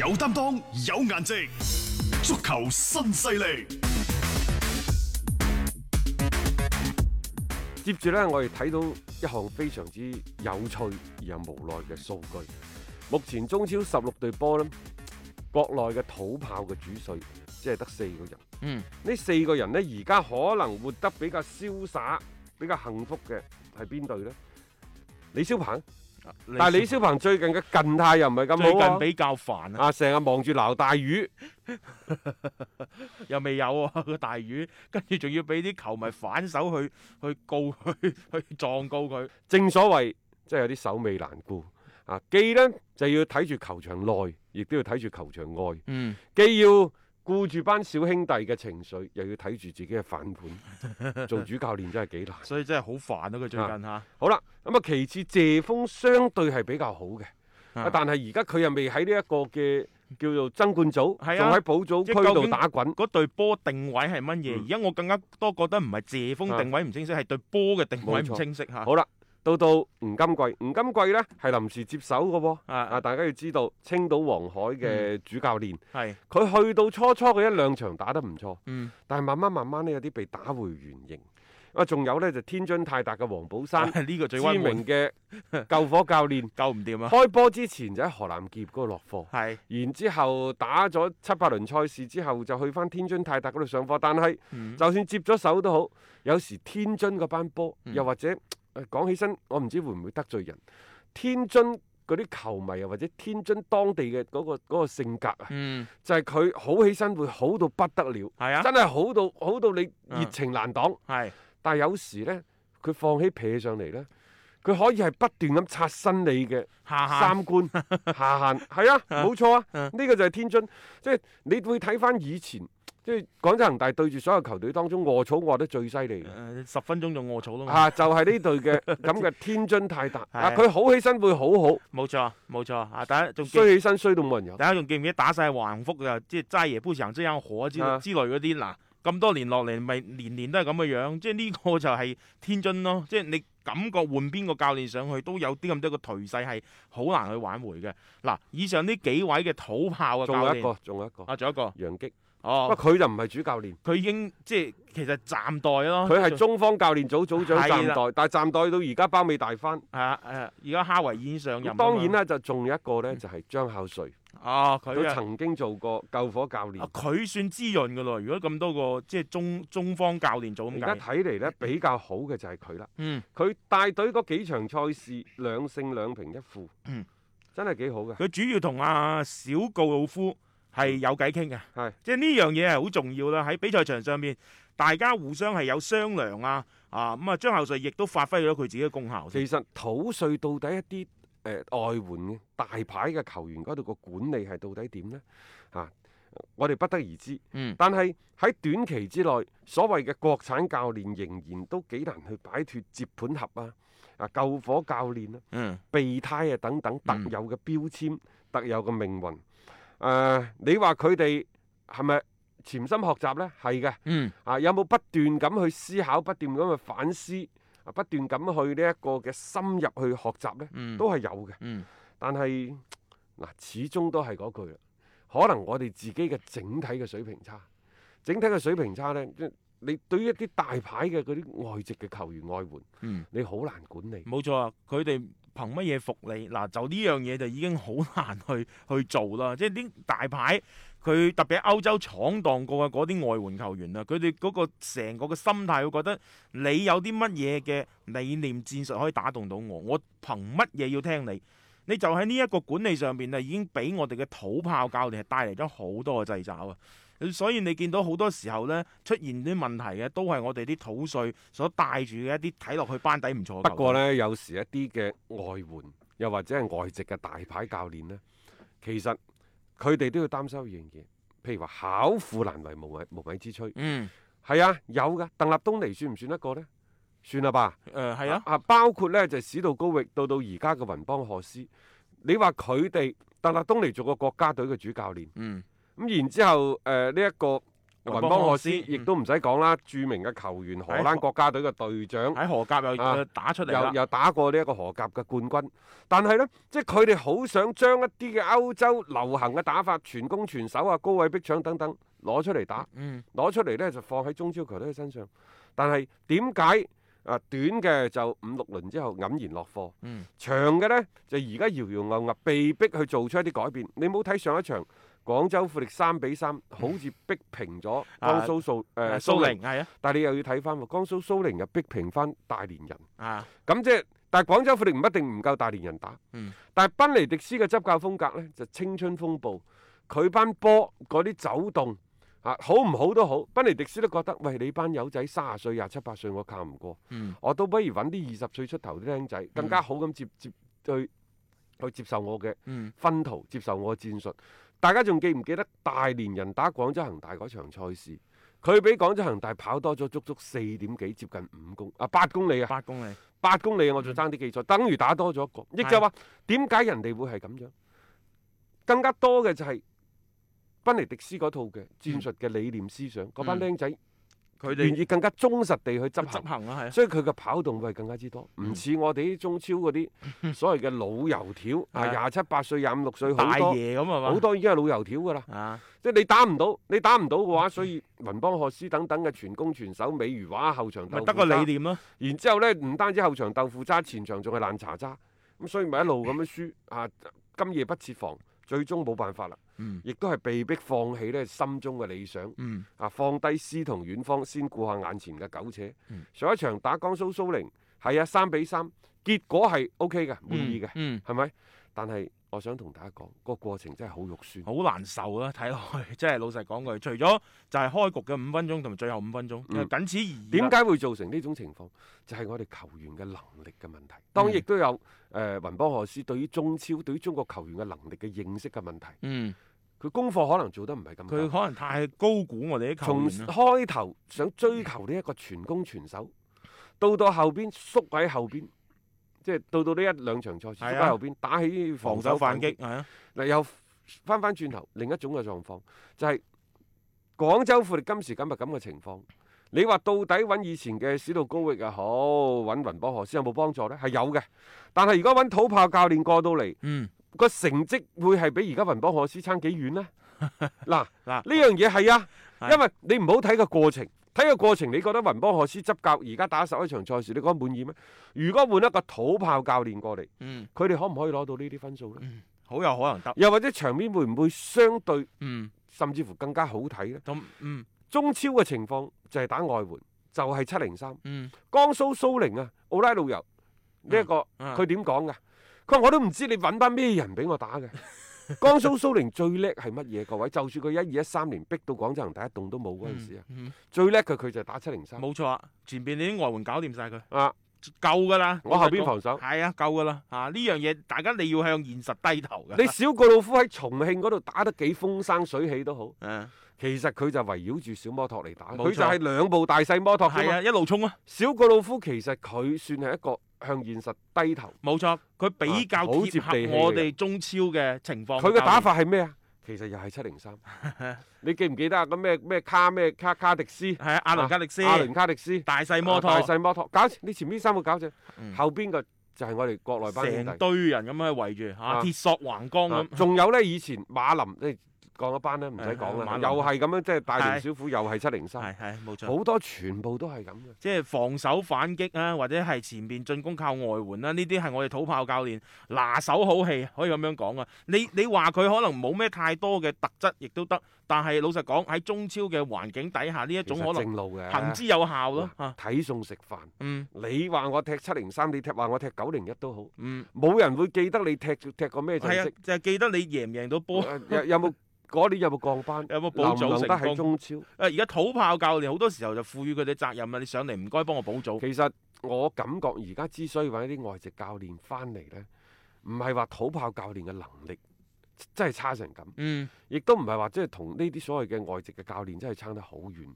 有擔當，有顏值，足球新勢力。接住咧，我哋睇到一項非常之有趣而又無奈嘅數據。目前中超十六隊波咧，國內嘅土炮嘅主帥只係得四個人。嗯，呢四個人咧，而家可能活得比較瀟灑、比較幸福嘅係邊隊咧？李霄鵬。但係李小鵬最近嘅近態又唔係咁好、啊，最近比較煩啊！成日望住撈大魚， 又未有啊個大魚，跟住仲要俾啲球迷反手去去告佢，去狀告佢。正所謂，即係有啲手尾難顧啊！既呢，就要睇住球場內，亦都要睇住球場外。嗯，既要。顧住班小兄弟嘅情緒，又要睇住自己嘅反盤，做主教練真係幾難。 所以真係好煩咯，佢最近吓、啊啊。好啦，咁啊，其次謝峰相對係比較好嘅、啊啊，但係而家佢又未喺呢一個嘅叫做爭冠組，仲喺補組區度、啊、打滾滾。嗰對波定位係乜嘢？而家、嗯、我更加多覺得唔係謝峰定位唔清晰，係、啊、對波嘅定位唔清晰吓、啊。好啦。到到吳金貴，吳金貴呢係臨時接手個喎、哦，啊，啊大家要知道青島黃海嘅主教練，係佢、嗯、去到初初嘅一兩場打得唔錯，嗯、但係慢慢慢慢呢，有啲被打回原形。啊，仲有呢，就天津泰達嘅王寶山，呢、啊這個最知名嘅救火教練， 救唔掂啊！開波之前就喺河南建業嗰度落課，是然之後打咗七八輪賽事之後就去翻天津泰達嗰度上課，但係、嗯、就算接咗手都好，有時天津嗰班波又或者、嗯。講起身，我唔知會唔會得罪人。天津嗰啲球迷啊，或者天津當地嘅嗰、嗰個、嗰個性格啊，嗯、就係佢好起身會好到不得了，係啊，真係好到好到你熱情難擋。係、嗯，但係有時呢，佢放起屁上嚟呢，佢可以係不斷咁刷新你嘅三觀下限。係啊，冇錯啊，呢 個就係天津，即係你會睇翻以前。即係廣州恒大對住所有球隊當中卧草卧得最犀利嘅，十分鐘就卧草咯。嚇、啊，就係、是、呢隊嘅咁嘅天津泰達。啊，佢、啊、好起身會好好，冇錯冇錯。啊，大家仲衰起身衰到冇人有，大家仲記唔記得打晒橫幅嘅，即係再杯不想再有火之之類嗰啲。嗱、啊，咁、啊、多年落嚟，咪年年都係咁嘅樣。即係呢個就係天津咯。即、就、係、是、你感覺換邊個教練上去都有啲咁多個頹勢係好難去挽回嘅。嗱、啊，以上呢幾位嘅土炮嘅教練仲、啊、有一個，仲有一個，啊，仲有一個楊激。哦，不過佢就唔係主教練，佢已經即係其實暫代咯。佢係中方教練組組長暫代，但係暫代到而家包尾大翻。係啊，係啊。而家哈維已經上任。當然啦，就仲有一個咧，就係張孝瑞。啊，佢曾經做過救火教練。佢算滋潤噶咯，如果咁多個即係中中方教練組。而家睇嚟咧比較好嘅就係佢啦。嗯。佢帶隊嗰幾場賽事兩勝兩平一負。嗯，真係幾好嘅。佢主要同阿小告魯夫。係有偈傾嘅，係是即係呢樣嘢係好重要啦。喺比賽場上面，大家互相係有商量啊，啊咁啊，張效瑞亦都發揮咗佢自己嘅功效。其實土帥到底一啲誒、呃、外援大牌嘅球員嗰度個管理係到底點呢？嚇、啊，我哋不得而知。嗯，但係喺短期之內，所謂嘅國產教練仍然都幾難去擺脫接盤俠啊、啊救火教練啊、備胎啊等等、嗯、特有嘅標籤、特有嘅命運。誒、呃，你話佢哋係咪潛心學習呢？係嘅，嗯、啊有冇不斷咁去思考，不斷咁去反思，啊不斷咁去呢一個嘅深入去學習呢？都係有嘅。嗯嗯、但係嗱，始終都係嗰句啦，可能我哋自己嘅整體嘅水平差，整體嘅水平差呢，即你對於一啲大牌嘅嗰啲外籍嘅球員外援，嗯、你好難管理。冇錯啊，佢哋。憑乜嘢服你？嗱，就呢樣嘢就已經好難去去做啦。即係啲大牌，佢特別喺歐洲闖蕩過嘅嗰啲外援球員啊，佢哋嗰個成個嘅心態會覺得你有啲乜嘢嘅理念戰術可以打動到我，我憑乜嘢要聽你？你就喺呢一個管理上邊啊，已經俾我哋嘅土炮教練係帶嚟咗好多嘅掣肘啊！所以你見到好多時候咧出現啲問題嘅，都係我哋啲土帥所帶住嘅一啲睇落去班底唔錯。不過咧，有時一啲嘅外援，又或者係外籍嘅大牌教練呢，其實佢哋都要擔心一樣嘢，譬如話，巧婦難為無米無米之炊。嗯，係啊，有㗎。鄧立東尼算唔算得過呢？算啦吧。誒、呃，係啊。啊，包括咧就係、史道高域到到而家嘅雲邦賀斯，你話佢哋鄧立東尼做過國家隊嘅主教練。嗯。咁、嗯、然之後，誒呢一個雲邦賀斯亦、嗯、都唔使講啦，著名嘅球員，荷蘭國家隊嘅隊長，喺荷，荷甲又、啊、打出嚟啦，又打過呢一個荷甲嘅冠軍。但係呢，即係佢哋好想將一啲嘅歐洲流行嘅打法，全攻全守啊，高位逼搶等等，攞出嚟打，攞、嗯、出嚟呢，就放喺中超球隊嘅身上。但係點解啊，短嘅就五六輪之後黯然落課，嗯、長嘅呢就而家搖搖欲墜，被逼去做出一啲改變。你冇睇上一場。廣州富力三比三，好似逼平咗江蘇蘇誒蘇寧，係啊！但係你又要睇翻喎，江蘇蘇寧又逼平翻大連人，啊！咁即係，但係廣州富力唔一定唔夠大連人打，嗯。但係賓尼迪斯嘅執教風格呢，就青春風暴，佢班波嗰啲走動啊，好唔好都好，賓尼迪斯都覺得喂，你班友仔三十歲廿七八歲，27, 歲我靠唔過，嗯，我都不如揾啲二十歲出頭啲僆仔，更加好咁接接,接去去,去接受我嘅，嗯，分圖接受我嘅戰術。大家仲記唔記得大連人打廣州恒大嗰場賽事？佢比廣州恒大跑多咗足足四點幾，接近五公啊八公里啊八公里八公里，公里我仲爭啲記錯，嗯、等於打多咗一個。亦就話，點解人哋會係咁樣？更加多嘅就係賓尼迪斯嗰套嘅戰術嘅理念思想，嗰、嗯、班僆仔。佢哋願意更加忠實地去執行咯，係。啊、所以佢嘅跑動會更加之多，唔似我哋啲中超嗰啲所謂嘅老油條、嗯、 啊，廿七八歲、廿五六歲好多，好多已經係老油條㗎啦。啊、即係你打唔到，你打唔到嘅話，所以文邦學師等等嘅全攻全守美如畫後場豆腐渣得個理念咯、啊。然之後呢，唔單止後場豆腐渣，前場仲係爛茶渣，咁所以咪一路咁樣輸啊！ 今夜不設防。最終冇辦法啦，嗯、亦都係被逼放棄呢心中嘅理想，嗯、啊放低詩同遠方，先顧下眼前嘅苟且。嗯、上一場打江蘇蘇寧，係啊三比三。結果係 O K 嘅滿意嘅，係咪，嗯？但係我想同大家講，那個過程真係好肉酸，好難受啊。睇落去即係老實講句，除咗就係開局嘅五分鐘同埋最後五分鐘，僅、嗯、此而已。點解會造成呢種情況？就係、是、我哋球員嘅能力嘅問題，嗯、當亦都有誒，雲波賀斯對於中超、對於中國球員嘅能力嘅認識嘅問題。嗯，佢功課可能做得唔係咁，佢可能太高估我哋啲球員啦。從開頭想追求呢一個全攻全守，到、嗯、到後邊縮喺後邊。即係到到呢一兩場賽事，喺後、啊、邊打起防守反擊，嗱、啊啊、又翻翻轉頭另一種嘅狀況，就係、是、廣州富力今時今日咁嘅情況。你話到底揾以前嘅史道高域又、啊、好，揾雲波賀斯有冇幫助咧？係有嘅。但係如果揾土炮教練過到嚟，個、嗯、成績會係比而家雲波賀斯差幾遠呢？嗱 喇，呢樣嘢係啊，因為你唔好睇個過程。睇個過程，你覺得雲波何師執教而家打十一場賽事，你覺得滿意咩？如果換一個土炮教練過嚟，佢哋、嗯、可唔可以攞到呢啲分數咧？好、嗯、有可能得。又或者場面會唔會相對、嗯、甚至乎更加好睇咧？咁嗯，嗯、中超嘅情況就係打外援，就係七零三。嗯，江蘇蘇寧啊，奧拉路油呢一個，佢點講噶？佢、嗯、話我都唔知你揾翻咩人俾我打嘅。 江蘇蘇寧最叻係乜嘢？各位，就算佢一二一三年逼到廣州恒大一動都冇嗰陣時啊，嗯嗯、最叻嘅佢就係打七零三。冇錯啊，前邊啲外援搞掂晒佢啊，夠噶啦。我後邊防守。係啊，夠噶啦。啊呢樣嘢，大家你要向現實低頭噶。你小告魯夫喺重慶嗰度打得幾風生水起都好。啊、其實佢就圍繞住小摩托嚟打，佢、啊、就係兩部大細摩托。係啊，一路衝啊！小告魯夫其實佢算係一個。向現實低頭，冇錯，佢比較貼合我哋中超嘅情況。佢嘅打法係咩啊？其實又係七零三。你記唔記得個咩咩卡咩卡卡迪斯？係阿倫卡迪斯，阿倫卡迪斯，大細摩托，大細摩托。搞，你前面三個搞啫，後邊個就係我哋國內班成堆人咁樣圍住嚇，鐵索橫江咁。仲有咧，以前馬林。降咗班咧，唔使講啦，哎、又係咁樣，即係大盤小虎的又係七零三，係係冇錯，好多全部都係咁嘅。即係防守反擊啊，或者係前邊進攻靠外援啦、啊，呢啲係我哋土炮教練拿手好戲，可以咁樣講啊。你你話佢可能冇咩太多嘅特質，亦都得，但係老實講喺中超嘅環境底下，呢一種可能行之有效咯。睇餸食飯。嗯。你話我踢七零三，你踢話我踢九零一都好。嗯。冇人會記得你踢踢個咩陣式。就係、是、記得你贏唔贏到波。有冇？嗰年有冇降班？有冇保組成功？留得喺中超誒，而家土炮教練好多時候就賦予佢哋責任啦。你上嚟唔該幫我保組。其實我感覺而家之所以揾啲外籍教練翻嚟咧，唔係話土炮教練嘅能力真係差成咁，嗯，亦都唔係話即係同呢啲所謂嘅外籍嘅教練真係撐得好遠。.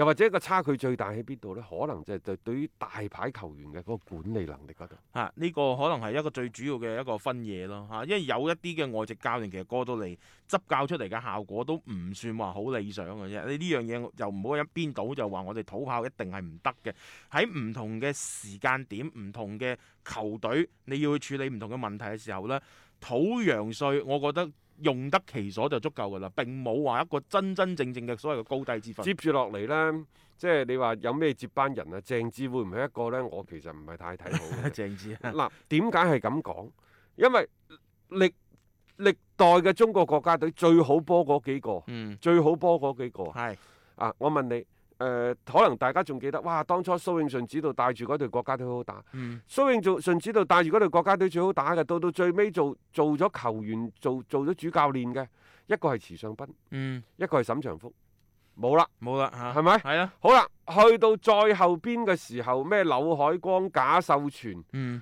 又或者個差距最大喺邊度呢？可能就係對於大牌球員嘅嗰管理能力嗰度嚇，呢、啊呢個可能係一個最主要嘅一個分野咯嚇、啊。因為有一啲嘅外籍教練其實過到嚟執教出嚟嘅效果都唔算話好理想嘅啫。你呢樣嘢又唔好一邊倒，就話我哋土炮一定係唔得嘅。喺唔同嘅時間點、唔同嘅球隊，你要去處理唔同嘅問題嘅時候呢，土洋稅，我覺得。用得其所就足夠噶啦，並冇話一個真真正正嘅所謂嘅高低之分。接住落嚟呢，即係你話有咩接班人啊？鄭智會唔會係一個呢？我其實唔係太睇好。鄭智啊！嗱，點解係咁講？因為歷歷代嘅中國國家隊最好波嗰幾個，嗯，最好波嗰幾個，係啊，我問你。誒可能大家仲記得，哇！當初蘇永舜指導帶住嗰隊國家隊好好打。蘇永做舜指導帶住嗰隊國家隊最好打嘅，到到最尾做做咗球員，做做咗主教練嘅，一個係遲尚斌，一個係沈祥福，冇啦，冇啦嚇，係咪？係啊。好啦，去到再後邊嘅時候，咩柳海光、賈秀全，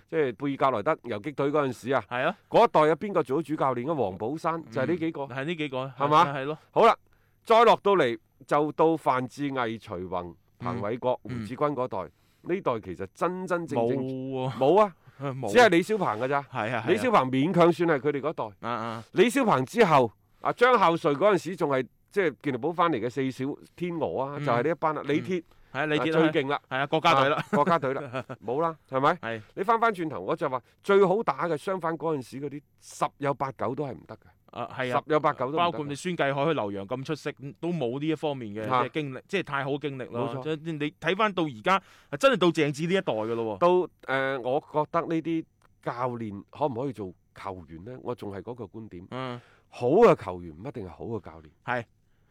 即係貝爾格萊德游擊隊嗰陣時啊，嗰一代有邊個做咗主教練？阿黃寶山就係呢幾個，係呢幾個，係嘛？係咯。好啦，再落到嚟。就到范志毅、徐宏、彭偉國、嗯、胡志軍嗰代，呢、嗯、代其實真真正正冇啊，啊只係李小鵬嘅咋，啊啊、李小鵬勉強算係佢哋嗰代。啊啊、李小鵬之後，啊張孝瑞嗰陣時仲係即係健力寶翻嚟嘅四小天鵝啊，嗯、就係呢一班啦，李鐵、嗯。嗯係李傑最勁啦，係啊國家隊啦，國家隊啦，冇啦，係咪？係你翻翻轉頭，我就話最好打嘅相反嗰陣時嗰啲，十有八九都係唔得嘅。啊係啊，十有八九都包括你孫繼海去留洋咁出色，都冇呢一方面嘅經歷，即係太好經歷咯。冇錯，你睇翻到而家，真係到鄭智呢一代噶咯。到誒，我覺得呢啲教練可唔可以做球員咧？我仲係嗰個觀點，嗯，好嘅球員唔一定係好嘅教練。係。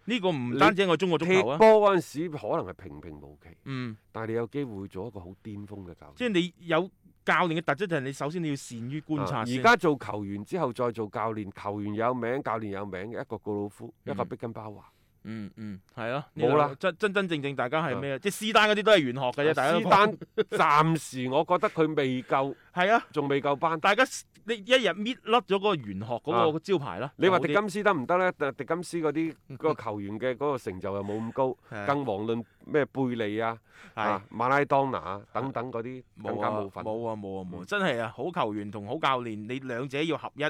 呢個唔單止係中國足球踢波嗰陣時可能係平平無奇，嗯，但係你有機會做一個好巔峰嘅教練。即係你有教練嘅特質，就係你首先你要善於觀察。而家、啊、做球員之後再做教練，球員有名，教練有名嘅一個告魯夫，嗯、一個碧根鮑華。嗯嗯，係咯、啊。冇、這、啦、個了，真真真正正大家係咩？啊、即係施丹嗰啲都係玄學嘅啫，啊、大家都。施丹暫時我覺得佢未夠，係 啊，仲未夠班。大家。你一日搣甩咗嗰個玄學嗰個招牌啦！啊、你話迪金斯得唔得咧？迪金斯嗰啲嗰個球員嘅嗰個成就又冇咁高， 更遑論咩貝利啊、馬拉當拿等等嗰啲，冇啊冇啊冇啊冇、啊啊啊！真係啊，好球員同好教練，嗯、你兩者要合一。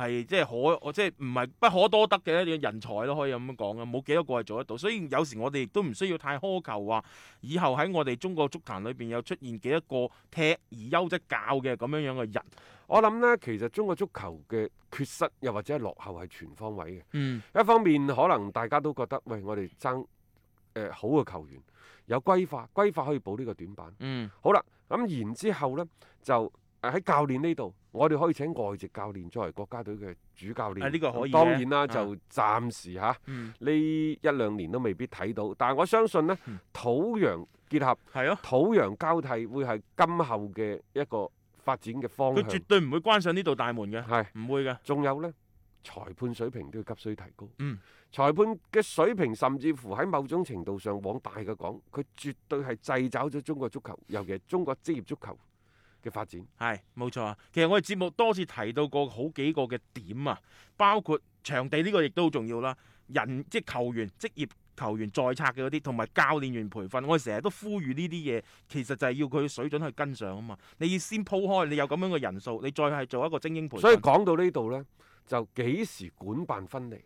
係即係可，即係唔係不可多得嘅人才咯，可以咁講啊。冇幾多個係做得到。所以有時我哋亦都唔需要太苛求話，以後喺我哋中國足壇裏邊有出現幾多個踢而優質教嘅咁樣樣嘅人。我諗呢，其實中國足球嘅缺失又或者係落後係全方位嘅。嗯，一方面可能大家都覺得，喂，我哋爭、呃、好嘅球員，有歸化，歸化可以補呢個短板。嗯，好啦，咁然之後呢，就。喺教練呢度，我哋可以請外籍教練作為國家隊嘅主教練。啊，呢個可以。當然啦，就暫時吓，呢一兩年都未必睇到。但係我相信呢，土洋結合，土洋交替會係今後嘅一個發展嘅方向。佢絕對唔會關上呢度大門嘅。係，唔會嘅。仲有呢，裁判水平都要急需提高。裁判嘅水平甚至乎喺某種程度上往大嘅講，佢絕對係掣肘咗中國足球，尤其係中國職業足球。嘅發展係冇錯啊！其實我哋節目多次提到過好幾個嘅點啊，包括場地呢個亦都好重要啦、啊。人即係、就係、球員、職業球員在冊嘅嗰啲，同埋教練員培訓，我哋成日都呼籲呢啲嘢，其實就係要佢水準去跟上啊嘛。你要先鋪開，你有咁樣嘅人數，你再係做一個精英培訓。所以講到呢度呢，就幾時管辦分離，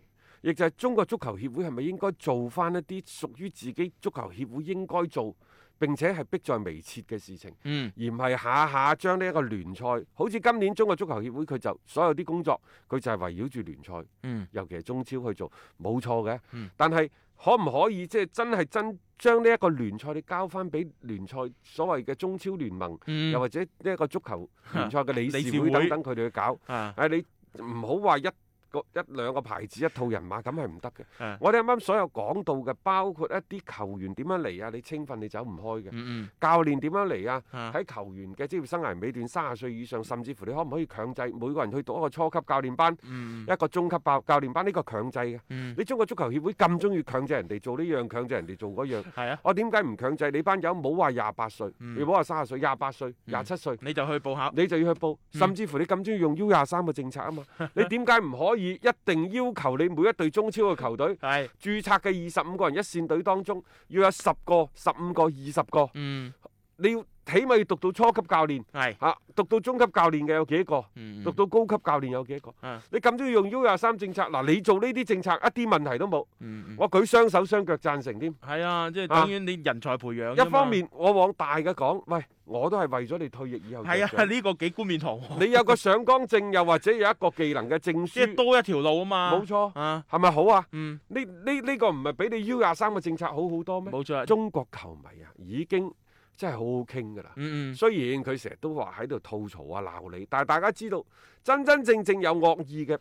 亦就係中國足球協會係咪應該做返一啲屬於自己足球協會應該做？並且係迫在眉睫嘅事情，嗯，而唔係下下將呢一個聯賽好似今年中國足球協會佢就所有啲工作，佢就係圍繞住聯賽嗯，尤其係中超去做，冇錯嘅。嗯、但係可唔可以即係、就是、真係真將呢一個聯賽你交翻俾聯賽所謂嘅中超聯盟，嗯、又或者呢一個足球聯賽嘅理事會等等佢哋去搞？誒、啊，啊、你唔好話一。一兩個牌子一套人馬咁係唔得嘅。我哋啱啱所有講到嘅，包括一啲球員點樣嚟啊？你青訓你走唔開嘅。教練點樣嚟啊？喺球員嘅職業生涯尾段，三十歲以上，甚至乎你可唔可以強制每個人去讀一個初級教練班，一個中級教教練班，呢個強制嘅。你中國足球協會咁中意強制人哋做呢樣，強制人哋做嗰樣。我點解唔強制你班友？冇話廿八歲，你冇話三十歲，廿八歲、廿七歲你就去報考，你就要去報。甚至乎你咁中意用 U 廿三嘅政策啊嘛，你點解唔可以？一定要求你每一隊中超嘅球隊，係註冊嘅二十五個人一線隊當中，要有十個、十五個、二十個。嗯。你要起碼要讀到初級教練係吓，讀到中級教練嘅有幾多個？讀到高級教練有幾多個？你咁中意用 U 廿三政策嗱？你做呢啲政策一啲問題都冇，我舉雙手雙腳贊成添。係啊，即係等於你人才培養。一方面我往大嘅講，喂，我都係為咗你退役以後。係啊，呢個幾冠冕堂皇。你有個上崗證，又或者有一個技能嘅證書，即多一條路啊嘛。冇錯，係咪好啊？呢呢個唔係比你 U 廿三嘅政策好好多咩？冇錯，中國球迷啊，已經。真係好好傾㗎啦，嗯嗯雖然佢成日都話喺度吐槽啊鬧你，但係大家知道真真正正有惡意嘅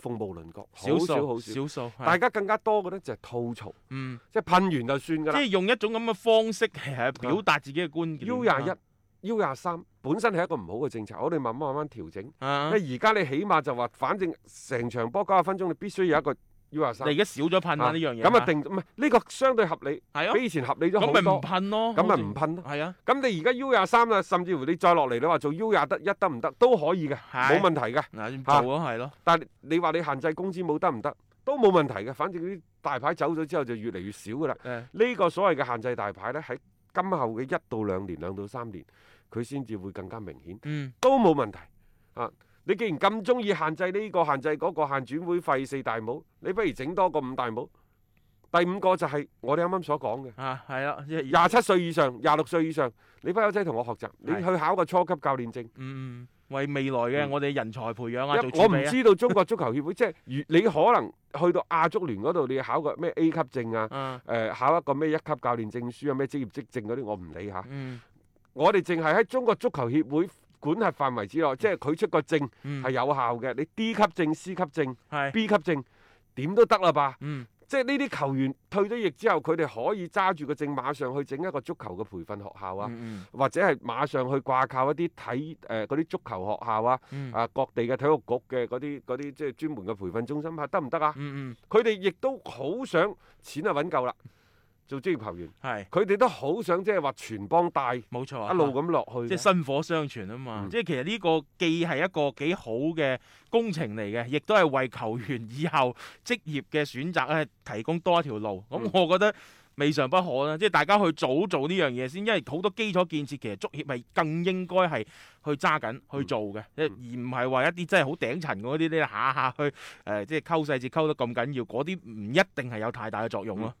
鳳毛麟角少好少數，大家更加多嘅咧就係吐槽，嗯、即係噴完就算㗎，即係用一種咁嘅方式係表達自己嘅觀點。啊啊、U 廿一、U 廿三本身係一個唔好嘅政策，我哋慢慢慢慢調整。咁而家你起碼就話，反正成場波九十分鐘，你必須有一個。U 廿三，你而家少咗噴啦呢樣嘢。咁啊定唔係呢個相對合理，比以前合理咗好多。咁咪唔噴咯，咁咪唔噴咯。係啊，咁你而家 U 廿三啦，甚至乎你再落嚟，你話做 U 廿得一得唔得都可以嘅，冇問題嘅。嗱，做咯係咯。但係你話你限制工資冇得唔得都冇問題嘅，反正啲大牌走咗之後就越嚟越少噶啦。呢個所謂嘅限制大牌咧，喺今後嘅一到兩年、兩到三年，佢先至會更加明顯。嗯，都冇問題啊。你既然咁中意限制呢個限制嗰個限轉會費四大帽，你不如整多個五大帽。第五個就係我哋啱啱所講嘅，係啊，廿七歲以上，廿六歲以上，你返屋企同我學習，的你去考個初級教練證，為、嗯、未來嘅我哋人才培養啊。嗯、啊我唔知道中國足球協會， 即係你可能去到亞足聯嗰度，你要考個咩 A 級證啊？誒、啊呃，考一個咩一級教練證書啊？咩職業執證嗰啲，我唔理吓。嗯、我哋淨係喺中國足球協會。管轄範圍之內，即係佢出個證係有效嘅。嗯、你 D 級證、C 級證、是 B 級證，點都得啦吧？嗯、即係呢啲球員退咗役之後，佢哋可以揸住個證，馬上去整一個足球嘅培訓學校啊，嗯嗯、或者係馬上去掛靠一啲體誒啲、呃、足球學校啊，嗯、啊各地嘅體育局嘅嗰啲嗰啲即係專門嘅培訓中心，吓得唔得啊？佢哋亦都好想錢啊，搵夠啦。做職業球員，係佢哋都好想即係話全幫帶，冇錯，一路咁落去，即係薪火相傳啊嘛。嗯、即係其實呢個既係一個幾好嘅工程嚟嘅，亦都係為球員以後職業嘅選擇咧提供多一條路。咁、嗯、我覺得未嘗不可啦。即係大家去早做呢樣嘢先，因為好多基礎建設其實足協係更應該係去揸緊、嗯、去做嘅，嗯、而唔係話一啲真係好頂層嗰啲咧下下去誒、呃，即係溝細節溝得咁緊要，嗰啲唔一定係有太大嘅作用咯。嗯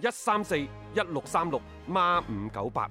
一三四一六三六孖五九八。